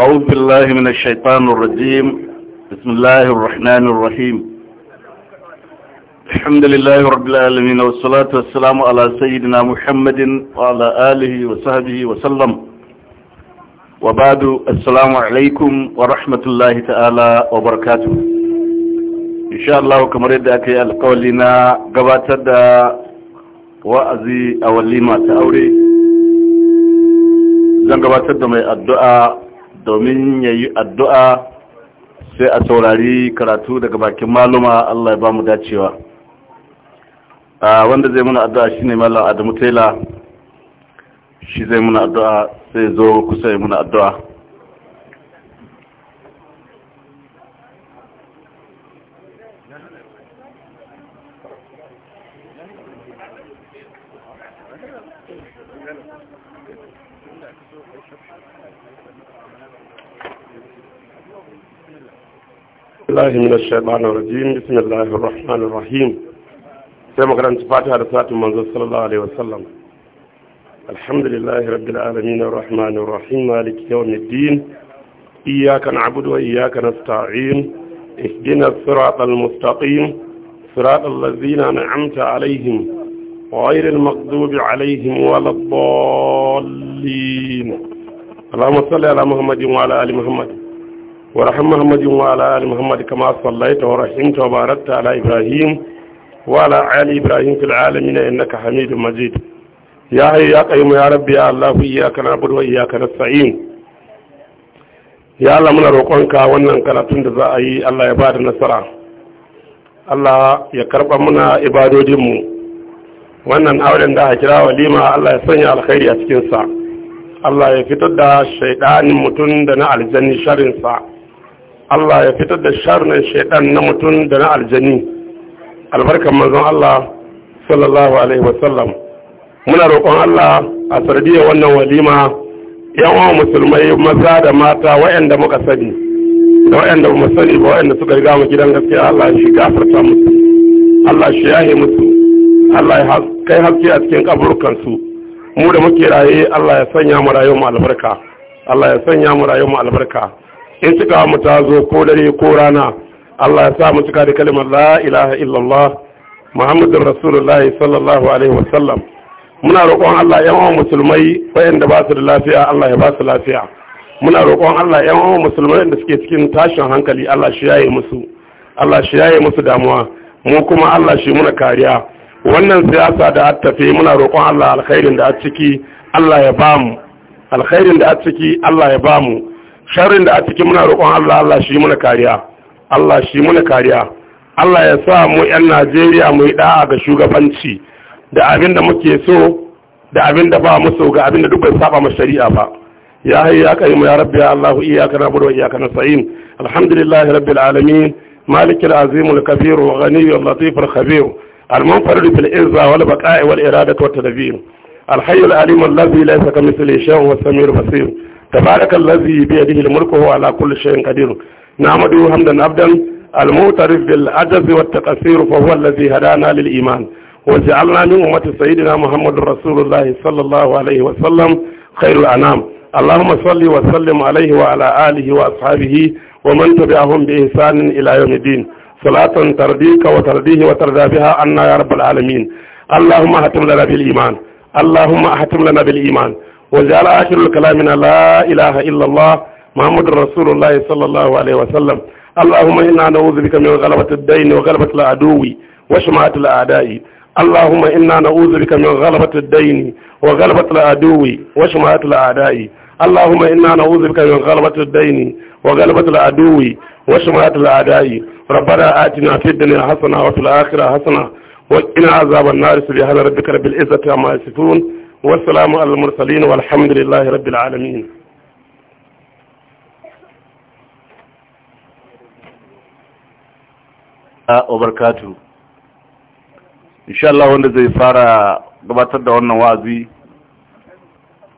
أعوذ بالله من الشيطان الرجيم بسم الله الرحمن الرحيم الحمد لله رب العالمين والصلاة والسلام على سيدنا محمد وعلى آله وصحبه وسلم وبعد السلام عليكم ورحمة الله تعالى وبركاته إن شاء الله كما ردك القول لنا قبات وأزي أولي ما تأوري zan gabatar da mai addu'a domin ya yi addu'a sai a saurari karatu daga bakin maluma Allah ya ba mu dacewa wanda zai muna addu'a shi ne malam adamu taila shi zai muna addu'a sai zo kusa ya muna addu'a الله من الشيطان الرجيم بسم الله الرحمن الرحيم سيما قرانت فاتحة رسالة منزل صلى الله عليه وسلم الحمد لله رب العالمين الرحمن الرحيم مالك يوم الدين إياك نعبد وإياك نستعين اهدنا الصراط المستقيم صراط الذين أنعمت عليهم غير المغضوب عليهم ولا الضالين اللهم صل على محمد وعلى آل محمد ورحم محمد وعلى آل محمد كما صليت ورحمت وباركت على إبراهيم وعلى آل إبراهيم في العالمين إنك حميد مجيد يا حي يا قيوم يا رب يا الله إياك نعبد وإياك نستعين ya Allah muna roƙonka wannan karatun da za a yi Allah ya ba da nasara Allah ya karɓa muna ibadodinmu wannan auren da aka kira walima Allah ya sanya alkhairi a cikin sa Allah ya fitar da shaidanin mutum da na aljani sharrin sa Allah ya fitar da sharrin shaidan na mutum da na aljani albarkan manzon Allah sallallahu alaihi sallam muna roƙon Allah a sardiya wannan walima yawan musulmai maza da mata waɗanda muka sani da waɗanda ba mu sani ba waɗanda suka riga mu gidan gaskiya Allah shi gafarta musu Allah shi yahe musu Allah ya kai haske a cikin kaburkansu mu da muke raye Allah ya sanya mu rayuwar mu albarka Allah ya sanya mu rayuwar mu albarka in cika mu ta zo ko dare ko rana Allah ya sa mu cika da kalmar la ilaha illallah Muhammadur Rasulullahi sallallahu alaihi wasallam muna roƙon Allah ya uwan musulmai waɗanda ba su da lafiya Allah ya ba su lafiya muna roƙon Allah ya uwan musulmai da suke cikin tashin hankali Allah shi yaye musu Allah shi yaye musu damuwa mu kuma Allah shi muna kariya wannan siyasa da ta tafi muna roƙon Allah alkhairin da a ciki Allah ya bamu alkhairin da a ciki Allah ya bamu sharrin da a ciki muna roƙon Allah Allah shi muna kariya Allah shi muna kariya Allah ya sa mu ƴan Najeriya mu yi da'a ga shugabanci da abin da muke so da abin da ba mu so ga abin da duk bai saba mu shari'a ba ya hayya ya mu ya rabbi ya Allah iyyaka na'budu wa iyyaka nasta'in alhamdulillahi rabbil alamin مالك العظيم الكبير وغني اللطيف khabir. المنفرد في العزة والبقاء والإرادة والتدبير الحي العليم الذي ليس كمثل شيء السميع البصير تبارك الذي بيده الملك وهو على كل شيء قدير نعمده حمدا عبدا المعترف بالعجز والتقصير فهو الذي هدانا للإيمان وجعلنا من أمة سيدنا محمد رسول الله صلى الله عليه وسلم خير الأنام اللهم صل وسلم عليه وعلى آله وأصحابه ومن تبعهم بإحسان إلى يوم الدين صلاة ترضيك وترضيه وترضى بها عنا يا رب العالمين اللهم احتم لنا بالإيمان اللهم احتم لنا بالإيمان وجعل آخر كلامنا لا إله إلا الله محمد رسول الله صلى الله عليه وسلم اللهم إنا نعوذ بك من غلبة الدين وغلبة العدو وشماعة الأعداء اللهم إنا نعوذ بك من غلبة الدين وغلبة العدو وشماعة الأعداء اللهم إنا نعوذ بك من غلبة الدين وغلبة العدو وشماعة الأعداء ربنا آتنا في الدنيا حسنة وفي الآخرة حسنة وقنا عذاب النار سبحان ربك رب العزة عما يصفون والسلام على المرسلين والحمد لله رب العالمين wabarakatu insha Allah wanda zai fara gabatar da wannan wa'azi